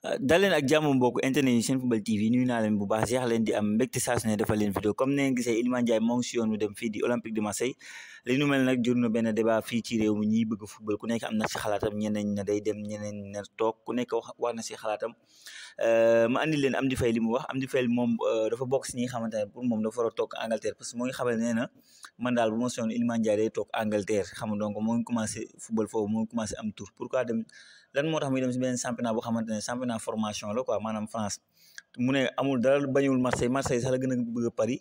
dal leen ak jàmm mbokk internet yi Senfootball TV nuyu naa bu baax jeex di am mbégte saa su ne defal vidéo comme neen gisee Iliman Ndiaye moo si xalaatam ñeneen na day ñeneen na ku nekk wax wax na si xalaatam euh, ma andi leen Amdy Faye wax Amdy Faye moom euh, dafa bokk si ñi pour moom dafa war a Angleterre parce que xamal nee man daal bu ma soon Iliman Ndiaye day toog Angleterre xam donc moo ngi football foofu moo ngi am tour pourquoi naa formation là quoi maanaam France mu ne amul dara bañul Marseille Marseille sax la gën bëgg Paris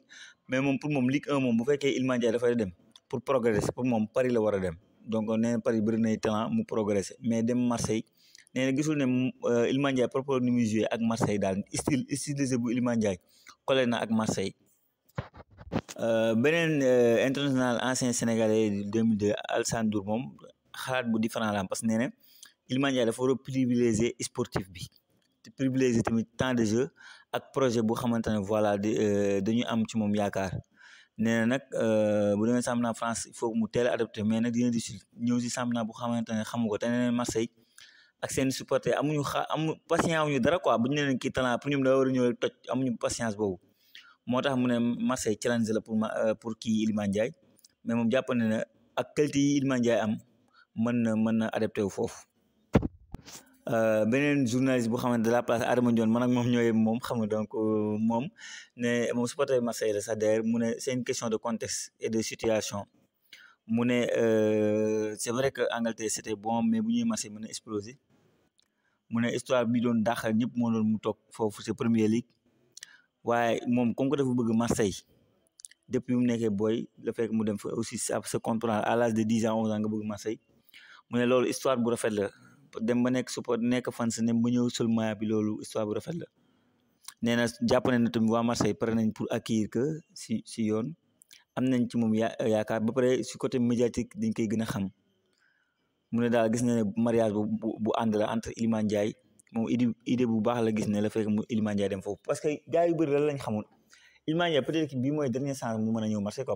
mais mom pour mom Ligue 1 mom bu féké fekkee Iliman Ndiaye dafay dem pour progresser pour mom Paris la wara dem donc nee Paris bëri né talent mu progresser mais dem Marseille nee na gisul ne euh, Iliman Ndiaye propre ni muy ak Marseille dal style stylisé bu Iliman Ndiaye collé na ak Marseille euh, beneen euh, international ancien sénégalais 2002 Alassane Ndour moom xalaat bu différent la parce que nee Iliman Ndiaye dafa war a privilégier sportif bi te privilégier tamit temps de jeu ak projet bu xamante ne voilà euh, dañuy am ci moom yaakaar nee na nag euh, bu demee championnat France il faut mu teel a adapté mais nag dina di si ñëw si championnat bu xamante ne xamu ko te nee na Marseille ak seen supporter amuñu xa amu patience amuñu dara koi bu ñu nee kii talent pour ñoom da war a ñëw rek amuñu patience boobu moo tax mu ne Marseille challenge la pour euh, pour kii Iliman Ndiaye mais moom jàpp na ne ak qualité yi Iliman Ndiaye am mën na mën na adapté wu foofu. Euh, beneen journaliste bu xamante de la place Adama Ndione man ak moom ñooy moom xam nga donc euh, moom ne moom supporter Marseille la sax d'ailleurs mu ne c'est une question de contexte et de situation mu ne euh, c'est vrai que Angleterre c'était bon mais bu ñuy Marseille mu a explosé mu ne histoire bi doon dàqal ñëpp moo doon mu toog foofu c'est Premier ligue waaye moom comme que dafa bëgg Marseille depuis mu nekkee booy la fekk mu dem fa aussi sa se comprendre à l'âge de 10 ans 11 ans nga bëgg Marseille mu ne loolu histoire bu rafet la dem ba nekk support nekk fans ne mu ñëw sul maillot bi loolu histoire bu rafet la nee na jàpp nañ ne tamit waa Marseille pare nañ pour accueillir que si si yoon am nañ ci moom ya yaakaar ba pare si côté médiatique dañ koy gën a xam mu ne na ne mariage bu bu la que gars yu bëri la lañ xamul Iliman Ndiaye peut-être bii mooy dernier chance mu a ñëw Marseille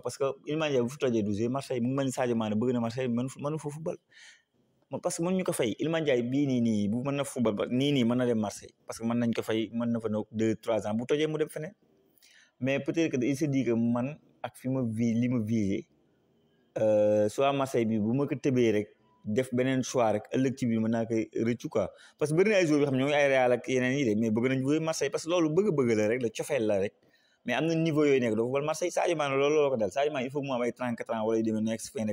bëgg na Marseille mënu mënu football parce que mën ñu ko fay Iliman Ndiaye bii nii nii bu mën na football ba nii na dem Marseille parce que mën ko na fa nekk deux trois ans bu tojee mu dem feneen mais peut-être euh, ko tëbee rek yeneen yi de mais bëgg nañ jouer Marseille parce que loolu bëgg-bëgg la rek la cofeel la rek mais am na niveau yooyu nekk doo football Marseille Sadio Mané loolu loolu ko dal Sadio il faut mu am ay 34 wala yu demee nekk si fin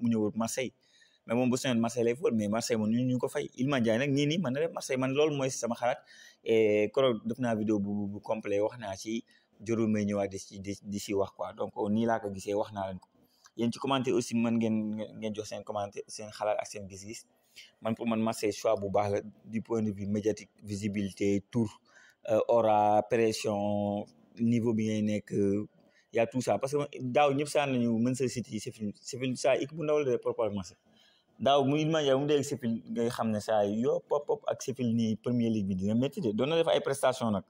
mu ñëw Marseille mais moom bu sañoon Marseille lay football mais Marseille moom ñu ñu ko fay Iliman Ndiaye nag nii nii man na def mooy sama xalaat et keroog def naa vidéo bu bu complet wax naa ci jorul may ñëwaat di ci di si wax quoi donc nii laa ko gisee wax naa leen ko yéen ci commentaire aussi mën ngeen ngeen jox seen commentaire seen xalaat ak seen gis-gis man pour man Marseille choix bu baax la du point de vue médiatique visibilité tour ora euh, pression niveau bi ngay nekk euh, y a tout ça que daaw ñëpp saa nañu mën sa City c'est fini c'est fini ça équipe bu ndaw la de proprement daaw muy Mandiaye mu dee ak Sheffield ngay xam ne saa yoo pop pop ak Sheffield nii Premier League bi dina métti doon na def ay prestation nag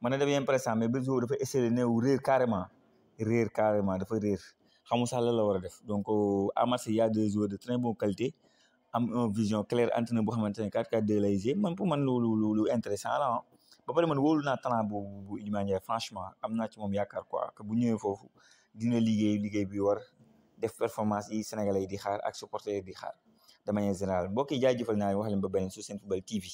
mën na def yenn prestation mais ba jour dafa essayer neew réer carrément réer carrément dafa réer xamu sax la la war a def donc à euh, Marseille y de très bonne qualité am une vision claire entraîneur boo xamante ne 4-4-2 lay gis man pour man loolu loolu boobu bu Iliman am naa ci moom yaakaar quoi que bu ñëwee foofu dina liggéey liggéey bi war def performance yi sénégalais yi di xaar ak supporters yi di xaar de manière générale mbokk yi jaajëfal naa wax leen ba beneen su seen football TV.